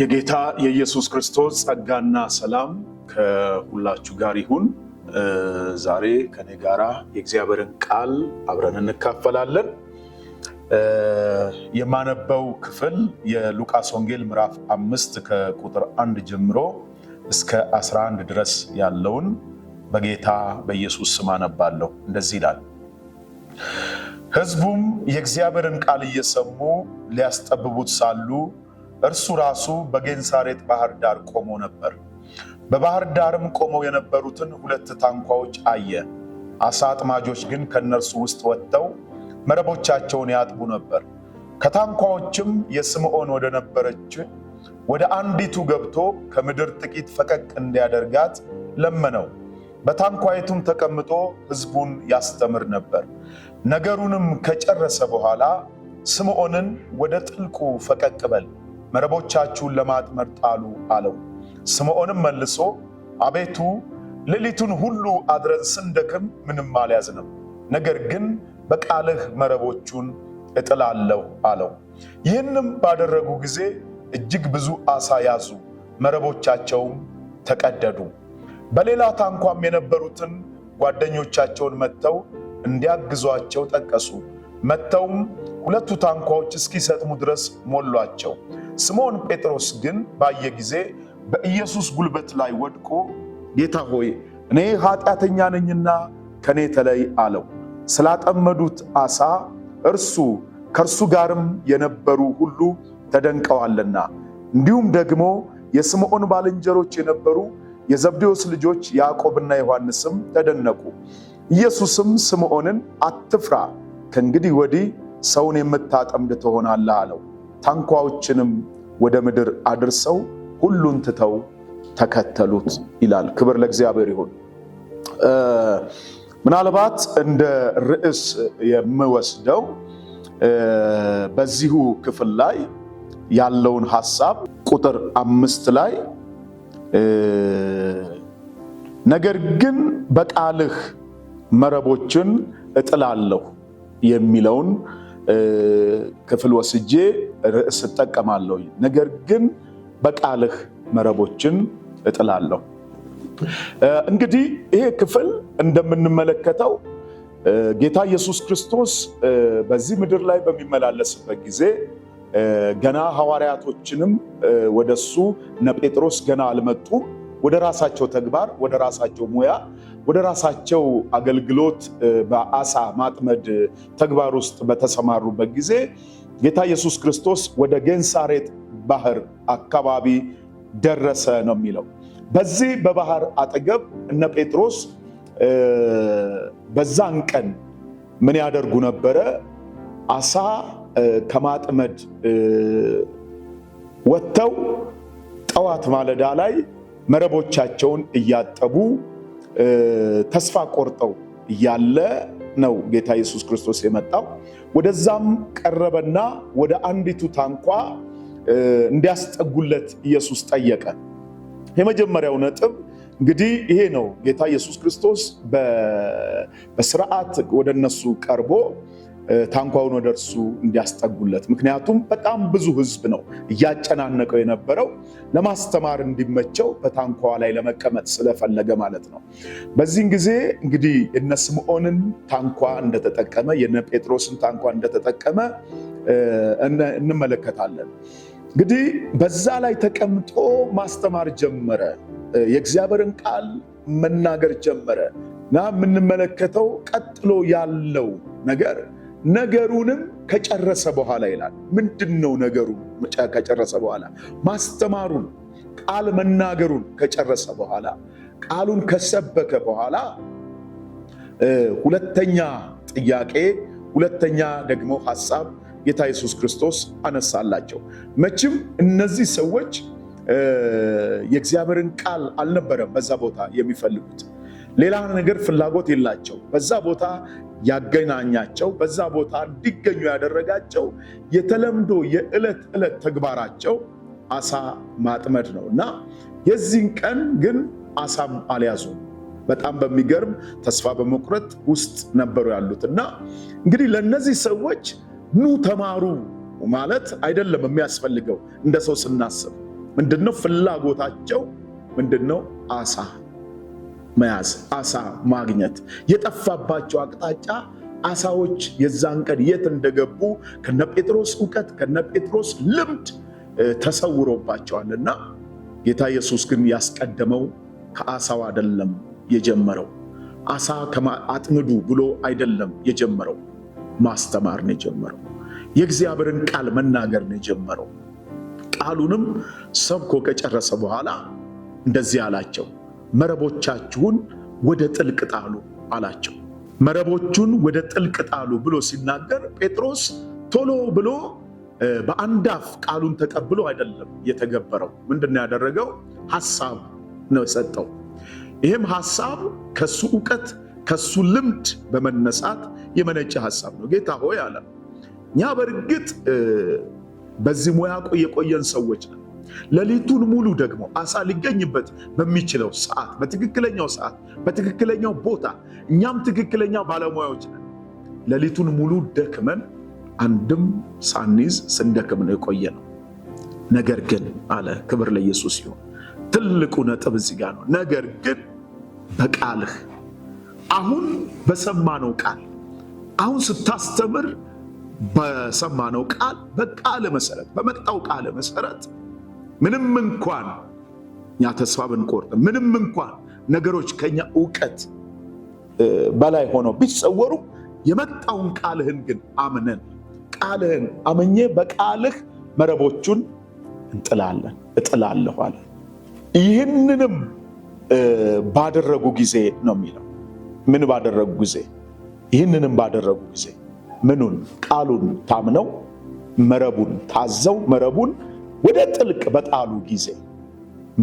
የጌታ የኢየሱስ ክርስቶስ ጸጋና ሰላም ከሁላችሁ ጋር ይሁን። ዛሬ ከኔ ጋራ የእግዚአብሔርን ቃል አብረን እንካፈላለን። የማነበው ክፍል የሉቃስ ወንጌል ምዕራፍ አምስት ከቁጥር አንድ ጀምሮ እስከ 11 ድረስ ያለውን በጌታ በኢየሱስ ስም አነባለሁ። እንደዚህ ይላል። ሕዝቡም የእግዚአብሔርን ቃል እየሰሙ ሊያስጠብቡት ሳሉ እርሱ ራሱ በጌንሳሬጥ ባህር ዳር ቆሞ ነበር። በባህር ዳርም ቆመው የነበሩትን ሁለት ታንኳዎች አየ። አሳ አጥማጆች ግን ከእነርሱ ውስጥ ወጥተው መረቦቻቸውን ያጥቡ ነበር። ከታንኳዎችም የስምዖን ወደ ነበረች ወደ አንዲቱ ገብቶ ከምድር ጥቂት ፈቀቅ እንዲያደርጋት ለመነው። በታንኳይቱም ተቀምጦ ሕዝቡን ያስተምር ነበር። ነገሩንም ከጨረሰ በኋላ ስምዖንን ወደ ጥልቁ ፈቀቅ በል መረቦቻችሁን ለማጥመድ ጣሉ አለው። ስምዖንም መልሶ አቤቱ ሌሊቱን ሁሉ አድረን ስንደክም ምንም አልያዝንም፣ ነገር ግን በቃልህ መረቦቹን እጥላለሁ አለው። ይህንም ባደረጉ ጊዜ እጅግ ብዙ አሳ ያዙ፣ መረቦቻቸውም ተቀደዱ። በሌላ ታንኳም የነበሩትን ጓደኞቻቸውን መጥተው እንዲያግዟቸው ጠቀሱ። መጥተውም ሁለቱ ታንኳዎች እስኪሰጥሙ ድረስ ሞሏቸው። ስምዖን ጴጥሮስ ግን ባየ ጊዜ በኢየሱስ ጉልበት ላይ ወድቆ ጌታ ሆይ እኔ ኃጢአተኛ ነኝና ከኔ ተለይ አለው። ስላጠመዱት ዓሣ እርሱ ከእርሱ ጋርም የነበሩ ሁሉ ተደንቀዋልና፣ እንዲሁም ደግሞ የስምዖን ባልንጀሮች የነበሩ የዘብዴዎስ ልጆች ያዕቆብና ዮሐንስም ተደነቁ። ኢየሱስም ስምዖንን አትፍራ፣ ከእንግዲህ ወዲህ ሰውን የምታጠምድ ትሆናለህ አለው። ታንኳዎችንም ወደ ምድር አድርሰው ሁሉን ትተው ተከተሉት ይላል። ክብር ለእግዚአብሔር ይሁን። ምናልባት እንደ ርዕስ የምወስደው በዚሁ ክፍል ላይ ያለውን ሀሳብ ቁጥር አምስት ላይ ነገር ግን በቃልህ መረቦችን እጥላለሁ የሚለውን ክፍል ወስጄ ርዕስ እጠቀማለሁ። ነገር ግን በቃልህ መረቦችን እጥላለሁ። እንግዲህ ይሄ ክፍል እንደምንመለከተው ጌታ ኢየሱስ ክርስቶስ በዚህ ምድር ላይ በሚመላለስበት ጊዜ ገና ሐዋርያቶችንም ወደሱ እነ ጴጥሮስ ገና አልመጡም። ወደ ራሳቸው ተግባር፣ ወደ ራሳቸው ሙያ ወደ ራሳቸው አገልግሎት በአሳ ማጥመድ ተግባር ውስጥ በተሰማሩበት ጊዜ ጌታ ኢየሱስ ክርስቶስ ወደ ጌንሳሬጥ ባህር አካባቢ ደረሰ ነው የሚለው። በዚህ በባህር አጠገብ እነ ጴጥሮስ በዛን ቀን ምን ያደርጉ ነበረ? አሳ ከማጥመድ ወጥተው ጠዋት ማለዳ ላይ መረቦቻቸውን እያጠቡ ተስፋ ቆርጠው እያለ ነው ጌታ ኢየሱስ ክርስቶስ የመጣው። ወደዛም ቀረበና ወደ አንዲቱ ታንኳ እንዲያስጠጉለት ኢየሱስ ጠየቀ። የመጀመሪያው ነጥብ እንግዲህ ይሄ ነው። ጌታ ኢየሱስ ክርስቶስ በስርዓት ወደ እነሱ ቀርቦ ታንኳውን ወደ እርሱ እንዲያስጠጉለት። ምክንያቱም በጣም ብዙ ህዝብ ነው እያጨናነቀው የነበረው ለማስተማር እንዲመቸው በታንኳዋ ላይ ለመቀመጥ ስለፈለገ ማለት ነው። በዚህን ጊዜ እንግዲህ የነ ስምዖንን ታንኳ እንደተጠቀመ የነ ጴጥሮስን ታንኳ እንደተጠቀመ እንመለከታለን። እንግዲህ በዛ ላይ ተቀምጦ ማስተማር ጀመረ። የእግዚአብሔርን ቃል መናገር ጀመረ እና የምንመለከተው ቀጥሎ ያለው ነገር ነገሩንም ከጨረሰ በኋላ ይላል። ምንድን ነው ነገሩ? ከጨረሰ በኋላ ማስተማሩን ቃል መናገሩን ከጨረሰ በኋላ ቃሉን ከሰበከ በኋላ ሁለተኛ ጥያቄ፣ ሁለተኛ ደግሞ ሀሳብ ጌታ ኢየሱስ ክርስቶስ አነሳላቸው። መቼም እነዚህ ሰዎች የእግዚአብሔርን ቃል አልነበረም በዛ ቦታ የሚፈልጉት ሌላ ነገር ፍላጎት የላቸው። በዛ ቦታ ያገናኛቸው በዛ ቦታ እንዲገኙ ያደረጋቸው የተለምዶ የዕለት ዕለት ተግባራቸው አሳ ማጥመድ ነው እና የዚህን ቀን ግን አሳም አልያዙም። በጣም በሚገርም ተስፋ በመቁረጥ ውስጥ ነበሩ ያሉት እና እንግዲህ ለእነዚህ ሰዎች ኑ ተማሩ ማለት አይደለም የሚያስፈልገው። እንደ ሰው ስናስብ ምንድነው ፍላጎታቸው? ምንድነው አሳ መያዝ፣ አሳ ማግኘት የጠፋባቸው አቅጣጫ አሳዎች የዛን ቀን የት እንደገቡ ከነ ጴጥሮስ እውቀት ከነ ጴጥሮስ ልምድ ተሰውሮባቸዋልና ጌታ ኢየሱስ ግን ያስቀደመው ከአሳው አይደለም የጀመረው። አሳ አጥምዱ ብሎ አይደለም የጀመረው። ማስተማር ነው የጀመረው። የእግዚአብሔርን ቃል መናገር ነው የጀመረው። ቃሉንም ሰብኮ ከጨረሰ በኋላ እንደዚህ አላቸው። መረቦቻችሁን ወደ ጥልቅ ጣሉ አላቸው። መረቦቹን ወደ ጥልቅ ጣሉ ብሎ ሲናገር ጴጥሮስ ቶሎ ብሎ በአንድ አፍ ቃሉን ተቀብሎ አይደለም የተገበረው። ምንድነው ያደረገው? ሐሳብ ነው የሰጠው። ይህም ሐሳብ ከሱ እውቀት ከሱ ልምድ በመነሳት የመነጨ ሐሳብ ነው። ጌታ ሆይ አለ እኛ በእርግጥ በዚህ ሙያ የቆየን ሰዎች ነን ሌሊቱን ሙሉ ደግሞ አሳ ሊገኝበት በሚችለው ሰዓት፣ በትክክለኛው ሰዓት፣ በትክክለኛው ቦታ እኛም ትክክለኛ ባለሙያዎች ነን። ሌሊቱን ሙሉ ደክመን አንድም ሳንይዝ ስንደክም ነው የቆየ ነው። ነገር ግን አለ ክብር ለኢየሱስ ሲሆን ትልቁ ነጥብ እዚህ ጋር ነው። ነገር ግን በቃልህ አሁን በሰማነው ቃል አሁን ስታስተምር በሰማነው ቃል በቃል መሰረት በመጣው ቃል መሰረት ምንም እንኳን እኛ ተስፋ ብንቆርጥ፣ ምንም እንኳን ነገሮች ከኛ እውቀት በላይ ሆነው ቢሰወሩ የመጣውን ቃልህን ግን አምነን ቃልህን አምኜ በቃልህ መረቦቹን እንጥላለን እጥላለሁ አለ። ይህንንም ባደረጉ ጊዜ ነው የሚለው። ምን ባደረጉ ጊዜ? ይህንንም ባደረጉ ጊዜ ምኑን? ቃሉን ታምነው መረቡን ታዘው መረቡን ወደ ጥልቅ በጣሉ ጊዜ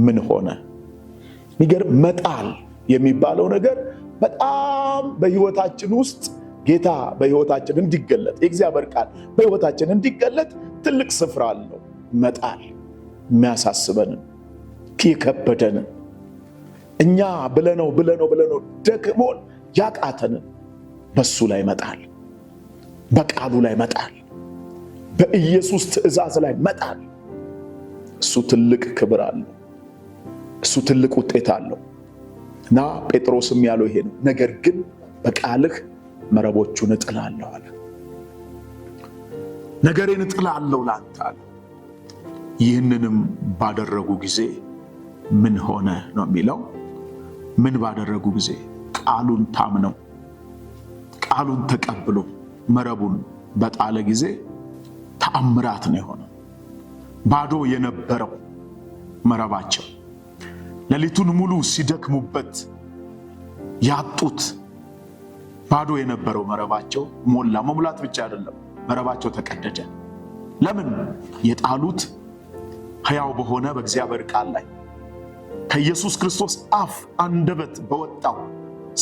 ምን ሆነ? ሚገርም መጣል የሚባለው ነገር በጣም በህይወታችን ውስጥ ጌታ በህይወታችን እንዲገለጥ የእግዚአብሔር ቃል በህይወታችን እንዲገለጥ ትልቅ ስፍራ አለው። መጣል የሚያሳስበንን የከበደንን እኛ ብለነው ብለነው ብለነው ደክሞን ያቃተንን በሱ ላይ መጣል፣ በቃሉ ላይ መጣል፣ በኢየሱስ ትእዛዝ ላይ መጣል እሱ ትልቅ ክብር አለው። እሱ ትልቅ ውጤት አለው እና ጴጥሮስም ያለው ይሄ ነው። ነገር ግን በቃልህ መረቦቹን እጥላለሁ አለ። ነገሬን እጥላለሁ ለአንተ አለ። ይህንንም ባደረጉ ጊዜ ምን ሆነ ነው የሚለው። ምን ባደረጉ ጊዜ ቃሉን ታምነው ቃሉን ተቀብሎ መረቡን በጣለ ጊዜ ተአምራት ነው የሆነ ባዶ የነበረው መረባቸው ሌሊቱን ሙሉ ሲደክሙበት ያጡት ባዶ የነበረው መረባቸው ሞላ። መሙላት ብቻ አይደለም፣ መረባቸው ተቀደደ። ለምን? የጣሉት ሕያው በሆነ በእግዚአብሔር ቃል ላይ ከኢየሱስ ክርስቶስ አፍ አንደበት በወጣው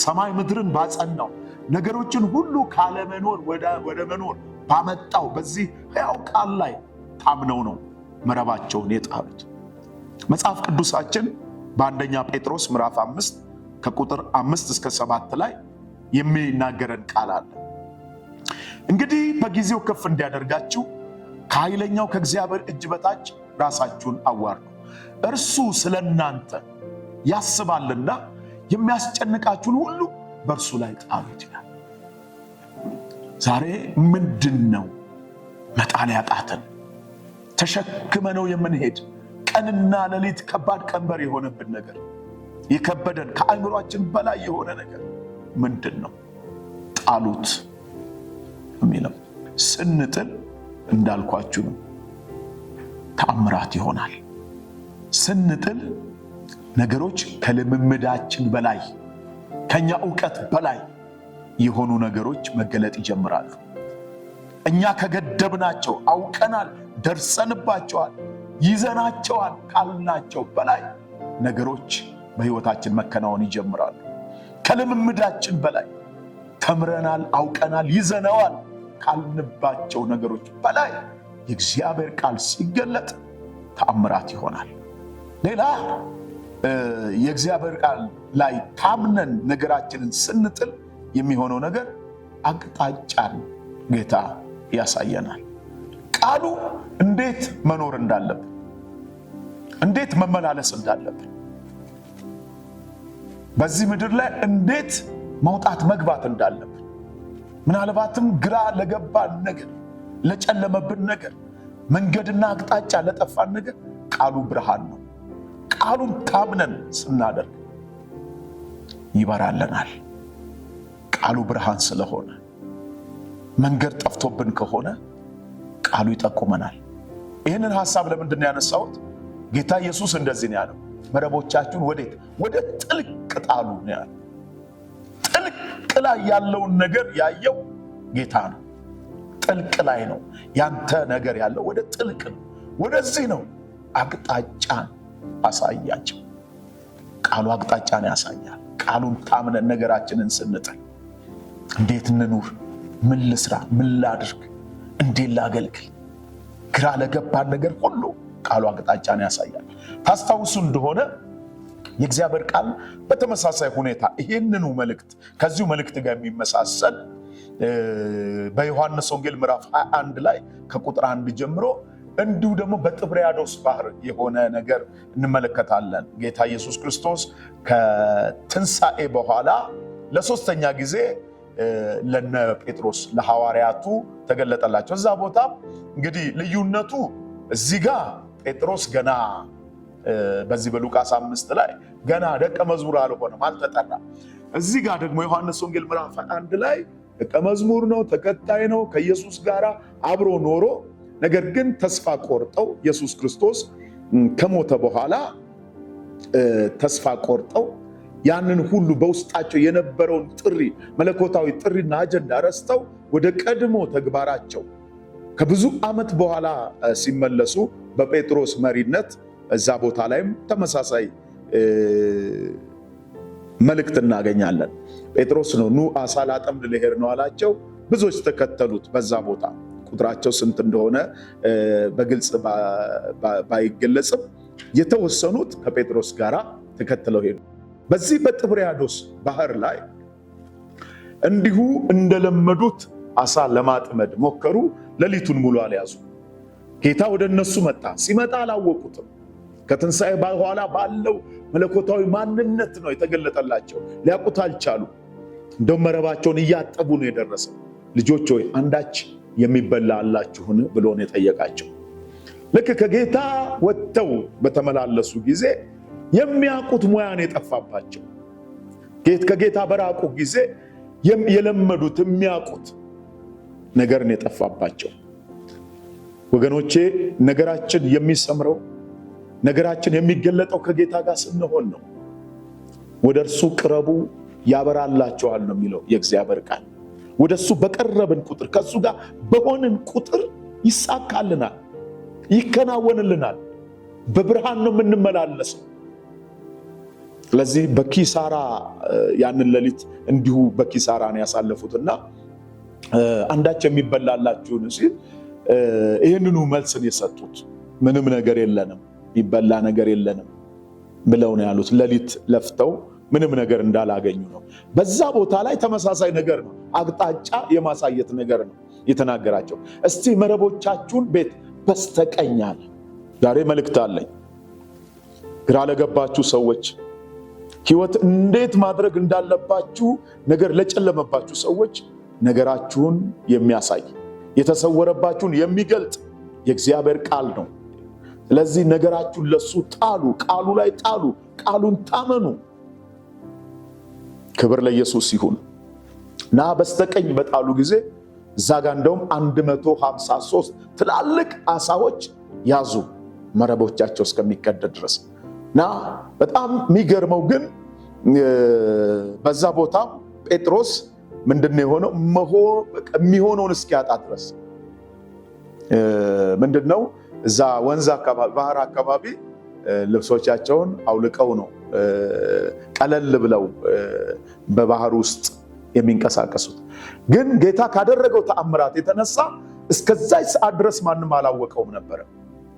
ሰማይ ምድርን ባጸናው ነገሮችን ሁሉ ካለመኖር ወደ መኖር ባመጣው በዚህ ሕያው ቃል ላይ ታምነው ነው። መረባቸውን የጣሉት። መጽሐፍ ቅዱሳችን በአንደኛ ጴጥሮስ ምዕራፍ አምስት ከቁጥር አምስት እስከ ሰባት ላይ የሚናገረን ቃል አለ። እንግዲህ በጊዜው ከፍ እንዲያደርጋችሁ ከኃይለኛው ከእግዚአብሔር እጅ በታች ራሳችሁን አዋርዱ፣ እርሱ ስለ እናንተ ያስባልና የሚያስጨንቃችሁን ሁሉ በእርሱ ላይ ጣሉት ይላል። ዛሬ ምንድን ነው መጣል ያቃተን? ተሸክመነው የምንሄድ ቀንና ሌሊት ከባድ ቀንበር የሆነብን ነገር የከበደን ከአእምሯችን በላይ የሆነ ነገር ምንድን ነው? ጣሉት የሚለው ስንጥል እንዳልኳችሁ ነው። ተአምራት ይሆናል። ስንጥል ነገሮች ከልምምዳችን በላይ ከኛ እውቀት በላይ የሆኑ ነገሮች መገለጥ ይጀምራሉ። እኛ ከገደብናቸው አውቀናል፣ ደርሰንባቸዋል፣ ይዘናቸዋል ካልናቸው በላይ ነገሮች በሕይወታችን መከናወን ይጀምራሉ። ከልምምዳችን በላይ ተምረናል፣ አውቀናል፣ ይዘነዋል ካልንባቸው ነገሮች በላይ የእግዚአብሔር ቃል ሲገለጥ ተአምራት ይሆናል። ሌላ የእግዚአብሔር ቃል ላይ ታምነን ነገራችንን ስንጥል የሚሆነው ነገር አቅጣጫን ጌታ ያሳየናል። ቃሉ እንዴት መኖር እንዳለብን፣ እንዴት መመላለስ እንዳለብን፣ በዚህ ምድር ላይ እንዴት መውጣት መግባት እንዳለብን ምናልባትም ግራ ለገባን ነገር፣ ለጨለመብን ነገር፣ መንገድና አቅጣጫ ለጠፋን ነገር ቃሉ ብርሃን ነው። ቃሉን ታምነን ስናደርግ ይበራለናል። ቃሉ ብርሃን ስለሆነ መንገድ ጠፍቶብን ከሆነ ቃሉ ይጠቁመናል። ይህንን ሀሳብ ለምንድን ያነሳውት ያነሳሁት? ጌታ ኢየሱስ እንደዚህ ነው ያለው፣ መረቦቻችሁን ወዴት? ወደ ጥልቅ ጣሉ ነው ያለው። ጥልቅ ላይ ያለውን ነገር ያየው ጌታ ነው። ጥልቅ ላይ ነው ያንተ ነገር ያለው፣ ወደ ጥልቅ ነው፣ ወደዚህ ነው። አቅጣጫን አሳያቸው። ቃሉ አቅጣጫን ያሳያል። ቃሉን ታምነን ነገራችንን ስንጥል እንዴት እንኑር ምን ልስራ? ምን ላድርግ? እንዴት ላገልግል? ግራ ለገባን ነገር ሁሉ ቃሉ አቅጣጫን ያሳያል። ታስታውሱ እንደሆነ የእግዚአብሔር ቃል በተመሳሳይ ሁኔታ ይህንኑ መልእክት ከዚሁ መልእክት ጋር የሚመሳሰል በዮሐንስ ወንጌል ምዕራፍ 21 ላይ ከቁጥር አንድ ጀምሮ እንዲሁ ደግሞ በጥብርያዶስ ባህር የሆነ ነገር እንመለከታለን። ጌታ ኢየሱስ ክርስቶስ ከትንሣኤ በኋላ ለሶስተኛ ጊዜ ለነ ጴጥሮስ ለሐዋርያቱ ተገለጠላቸው። እዛ ቦታ እንግዲህ ልዩነቱ እዚህ ጋር ጴጥሮስ ገና በዚህ በሉቃስ አምስት ላይ ገና ደቀ መዝሙር አልሆነም፣ አልተጠራ። እዚህ ጋር ደግሞ ዮሐንስ ወንጌል ምዕራፍ አንድ ላይ ደቀ መዝሙር ነው፣ ተከታይ ነው፣ ከኢየሱስ ጋር አብሮ ኖሮ ነገር ግን ተስፋ ቆርጠው ኢየሱስ ክርስቶስ ከሞተ በኋላ ተስፋ ቆርጠው ያንን ሁሉ በውስጣቸው የነበረውን ጥሪ መለኮታዊ ጥሪና አጀንዳ ረስተው ወደ ቀድሞ ተግባራቸው ከብዙ ዓመት በኋላ ሲመለሱ በጴጥሮስ መሪነት እዛ ቦታ ላይም ተመሳሳይ መልእክት እናገኛለን። ጴጥሮስ ነው ኑ አሳ ላጠምድ ልሄድ ነው አላቸው። ብዙዎች ተከተሉት። በዛ ቦታ ቁጥራቸው ስንት እንደሆነ በግልጽ ባይገለጽም የተወሰኑት ከጴጥሮስ ጋር ተከትለው ሄዱ። በዚህ በጥብርያዶስ ባህር ላይ እንዲሁ እንደለመዱት አሳ ለማጥመድ ሞከሩ። ሌሊቱን ሙሉ አልያዙ። ጌታ ወደ እነሱ መጣ። ሲመጣ አላወቁትም። ከትንሣኤ በኋላ ባለው መለኮታዊ ማንነት ነው የተገለጠላቸው። ሊያውቁት አልቻሉ። እንደውም መረባቸውን እያጠቡ ነው የደረሰው። ልጆች ሆይ አንዳች የሚበላ አላችሁን ብሎ ነው የጠየቃቸው። ልክ ከጌታ ወጥተው በተመላለሱ ጊዜ የሚያውቁት ሙያን የጠፋባቸው ከጌታ በራቁ ጊዜ የለመዱት የሚያውቁት ነው የጠፋባቸው ወገኖቼ፣ ነገራችን የሚሰምረው ነገራችን የሚገለጠው ከጌታ ጋር ስንሆን ነው። ወደ እርሱ ቅረቡ ያበራላችኋል ነው የሚለው የእግዚአብሔር ቃል። ወደ እሱ በቀረብን ቁጥር ከእሱ ጋር በሆንን ቁጥር ይሳካልናል፣ ይከናወንልናል። በብርሃን ነው የምንመላለሰው። ስለዚህ በኪሳራ ያንን ሌሊት እንዲሁ በኪሳራ ነው ያሳለፉት እና አንዳች የሚበላላችሁን ሲል ይህንኑ መልስን የሰጡት ምንም ነገር የለንም ይበላ ነገር የለንም ብለው ነው ያሉት። ሌሊት ለፍተው ምንም ነገር እንዳላገኙ ነው። በዛ ቦታ ላይ ተመሳሳይ ነገር ነው፣ አቅጣጫ የማሳየት ነገር ነው የተናገራቸው። እስቲ መረቦቻችሁን ቤት በስተቀኝ አለ። ዛሬ መልእክት አለኝ ግራ ለገባችሁ ሰዎች ህይወት እንዴት ማድረግ እንዳለባችሁ ነገር ለጨለመባችሁ ሰዎች ነገራችሁን የሚያሳይ የተሰወረባችሁን የሚገልጥ የእግዚአብሔር ቃል ነው። ስለዚህ ነገራችሁን ለሱ ጣሉ፣ ቃሉ ላይ ጣሉ፣ ቃሉን ታመኑ። ክብር ለኢየሱስ ይሁን እና በስተቀኝ በጣሉ ጊዜ እዛ ጋ እንደውም 153 ትላልቅ አሳዎች ያዙ መረቦቻቸው እስከሚቀደድ ድረስ እና በጣም የሚገርመው ግን በዛ ቦታ ጴጥሮስ ምንድነው የሆነው? የሚሆነውን እስኪያጣ ድረስ ምንድነው እዛ ወንዝ አካባቢ ባህር አካባቢ ልብሶቻቸውን አውልቀው ነው ቀለል ብለው በባህር ውስጥ የሚንቀሳቀሱት። ግን ጌታ ካደረገው ተአምራት የተነሳ እስከዛ ሰዓት ድረስ ማንም አላወቀውም ነበረ።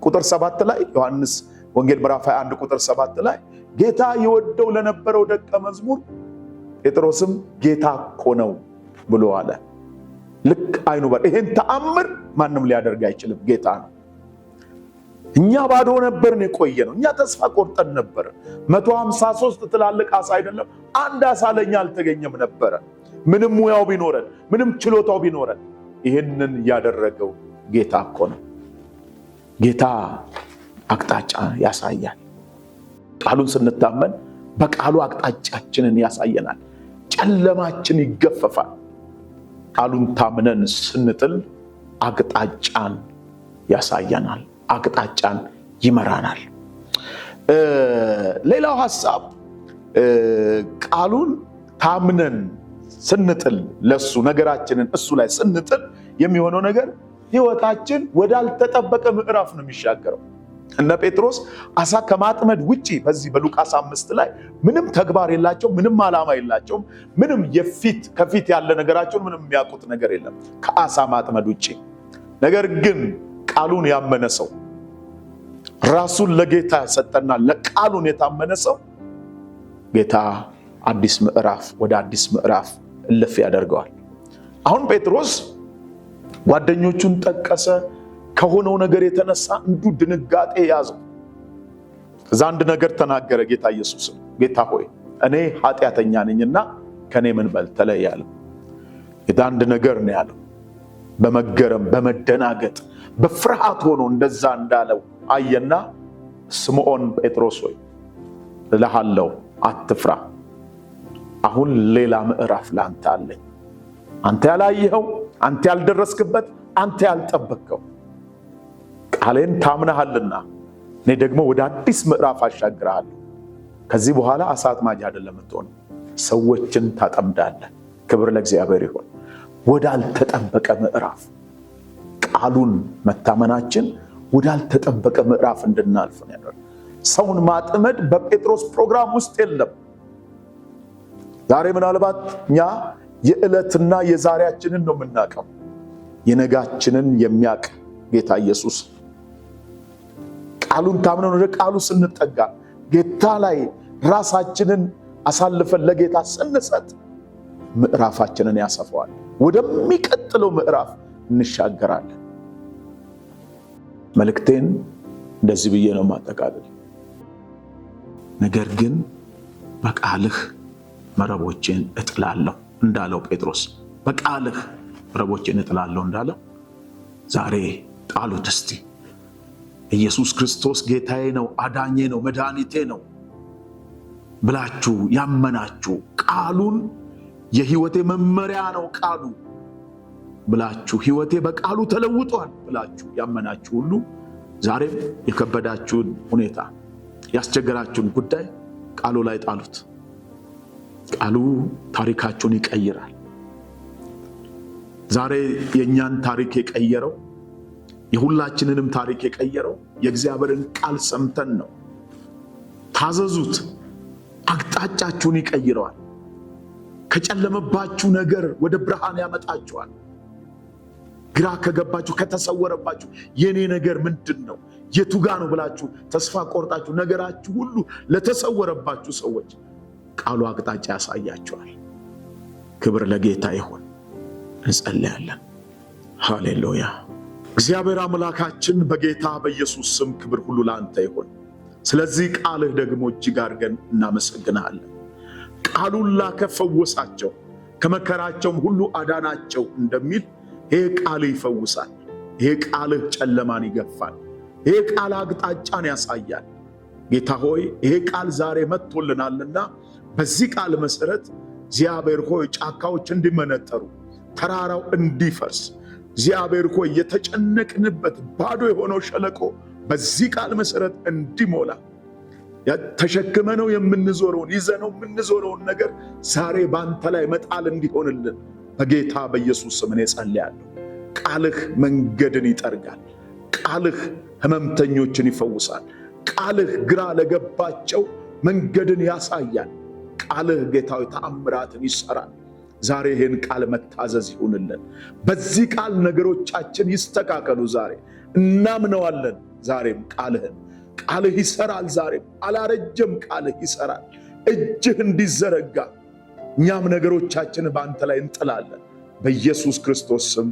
ቁጥር ሰባት ላይ ዮሐንስ ወንጌል ምዕራፍ 21 ቁጥር 7 ላይ ጌታ የወደው ለነበረው ደቀ መዝሙር ጴጥሮስም ጌታ እኮ ነው ብሎ አለ። ልክ አይኑ በር ይሄን ተአምር ማንም ሊያደርግ አይችልም። ጌታ ነው። እኛ ባዶ ነበርን የቆየ ነው። እኛ ተስፋ ቆርጠን ነበር። 153 ትላልቅ አሳ አይደለም አንድ አሳ ለኛ አልተገኘም ነበረ። ምንም ሙያው ቢኖረን፣ ምንም ችሎታው ቢኖረን ይህንን ያደረገው ጌታ እኮ ነው ጌታ አቅጣጫ ያሳያል። ቃሉን ስንታመን በቃሉ አቅጣጫችንን ያሳየናል። ጨለማችን ይገፈፋል። ቃሉን ታምነን ስንጥል አቅጣጫን ያሳየናል፣ አቅጣጫን ይመራናል። ሌላው ሀሳብ ቃሉን ታምነን ስንጥል ለሱ ነገራችንን እሱ ላይ ስንጥል የሚሆነው ነገር ህይወታችን ወዳልተጠበቀ ምዕራፍ ነው የሚሻገረው። እነ ጴጥሮስ አሳ ከማጥመድ ውጪ በዚህ በሉቃስ አምስት ላይ ምንም ተግባር የላቸው ምንም ዓላማ የላቸውም። ምንም የፊት ከፊት ያለ ነገራቸውን ምንም የሚያውቁት ነገር የለም ከአሳ ማጥመድ ውጭ ነገር ግን ቃሉን ያመነ ሰው ራሱን ለጌታ ያሰጠና ለቃሉን የታመነ ሰው ጌታ አዲስ ምዕራፍ ወደ አዲስ ምዕራፍ እልፍ ያደርገዋል። አሁን ጴጥሮስ ጓደኞቹን ጠቀሰ። ከሆነው ነገር የተነሳ እንዱ ድንጋጤ ያዘው። ከዛ አንድ ነገር ተናገረ። ጌታ ኢየሱስ ጌታ ሆይ እኔ ኃጢአተኛ ነኝና ከኔ ምን በል ተለይ ያለ ጌታ አንድ ነገር ነው ያለው። በመገረም በመደናገጥ በፍርሃት ሆኖ እንደዛ እንዳለው አየና ስምዖን ጴጥሮስ ሆይ እልሃለሁ አትፍራ። አሁን ሌላ ምዕራፍ ለአንተ አለኝ። አንተ ያላየኸው፣ አንተ ያልደረስክበት፣ አንተ ያልጠበቅከው ቃሌን ታምነሃልና እኔ ደግሞ ወደ አዲስ ምዕራፍ አሻግረሃል። ከዚህ በኋላ አሳ አጥማጅ አይደለም ምትሆን፣ ሰዎችን ታጠምዳለህ። ክብር ለእግዚአብሔር ይሁን። ወዳልተጠበቀ ምዕራፍ ቃሉን መታመናችን ወዳልተጠበቀ ምዕራፍ እንድናልፍ ነው። ሰውን ማጥመድ በጴጥሮስ ፕሮግራም ውስጥ የለም። ዛሬ ምናልባት እኛ የዕለትና የዛሬያችንን ነው የምናውቀው። የነጋችንን የሚያውቅ ጌታ ኢየሱስ ቃሉን ታምነን ወደ ቃሉ ስንጠጋ ጌታ ላይ ራሳችንን አሳልፈን ለጌታ ስንሰጥ ምዕራፋችንን ያሰፋዋል። ወደሚቀጥለው ምዕራፍ እንሻገራለን። መልእክቴን እንደዚህ ብዬ ነው ማጠቃለል። ነገር ግን በቃልህ መረቦቼን እጥላለሁ እንዳለው ጴጥሮስ በቃልህ መረቦቼን እጥላለሁ እንዳለው ዛሬ ጣሉት እስቲ። ኢየሱስ ክርስቶስ ጌታዬ ነው፣ አዳኜ ነው፣ መድኃኒቴ ነው ብላችሁ ያመናችሁ ቃሉን የህይወቴ መመሪያ ነው ቃሉ ብላችሁ ህይወቴ በቃሉ ተለውጧል ብላችሁ ያመናችሁ ሁሉ ዛሬም የከበዳችሁን ሁኔታ ያስቸገራችሁን ጉዳይ ቃሉ ላይ ጣሉት። ቃሉ ታሪካችሁን ይቀይራል። ዛሬ የእኛን ታሪክ የቀየረው የሁላችንንም ታሪክ የቀየረው የእግዚአብሔርን ቃል ሰምተን ነው። ታዘዙት፣ አቅጣጫችሁን ይቀይረዋል። ከጨለመባችሁ ነገር ወደ ብርሃን ያመጣችኋል። ግራ ከገባችሁ ከተሰወረባችሁ፣ የኔ ነገር ምንድን ነው የቱ ጋ ነው ብላችሁ ተስፋ ቆርጣችሁ ነገራችሁ ሁሉ ለተሰወረባችሁ ሰዎች ቃሉ አቅጣጫ ያሳያችኋል። ክብር ለጌታ ይሁን። እንጸለያለን። ሃሌሉያ እግዚአብሔር አምላካችን በጌታ በኢየሱስ ስም ክብር ሁሉ ለአንተ ይሆን። ስለዚህ ቃልህ ደግሞ እጅግ አድርገን እናመሰግንሃለን። ቃሉን ላከ ፈወሳቸው፣ ከመከራቸውም ሁሉ አዳናቸው እንደሚል ይሄ ቃልህ ይፈውሳል። ይሄ ቃልህ ጨለማን ይገፋል። ይሄ ቃል አቅጣጫን ያሳያል። ጌታ ሆይ ይሄ ቃል ዛሬ መጥቶልናልና በዚህ ቃል መሰረት እግዚአብሔር ሆይ ጫካዎች እንዲመነጠሩ፣ ተራራው እንዲፈርስ እግዚአብሔር እኮ የተጨነቅንበት ባዶ የሆነው ሸለቆ በዚህ ቃል መሰረት እንዲሞላ ተሸክመነው የምንዞረውን ይዘነው የምንዞረውን ነገር ዛሬ በአንተ ላይ መጣል እንዲሆንልን በጌታ በኢየሱስ ስም እኔ ጸልያለሁ። ቃልህ መንገድን ይጠርጋል። ቃልህ ህመምተኞችን ይፈውሳል። ቃልህ ግራ ለገባቸው መንገድን ያሳያል። ቃልህ ጌታዊ ተአምራትን ይሰራል። ዛሬ ይህን ቃል መታዘዝ ይሁንልን። በዚህ ቃል ነገሮቻችን ይስተካከሉ። ዛሬ እናምነዋለን። ዛሬም ቃልህን ቃልህ ይሰራል። ዛሬም አላረጀም። ቃልህ ይሰራል። እጅህ እንዲዘረጋ እኛም ነገሮቻችን በአንተ ላይ እንጥላለን። በኢየሱስ ክርስቶስ ስም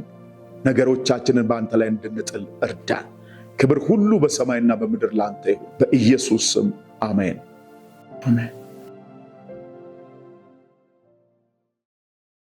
ነገሮቻችንን በአንተ ላይ እንድንጥል እርዳን። ክብር ሁሉ በሰማይና በምድር ላንተ ይሁን። በኢየሱስ ስም አሜን።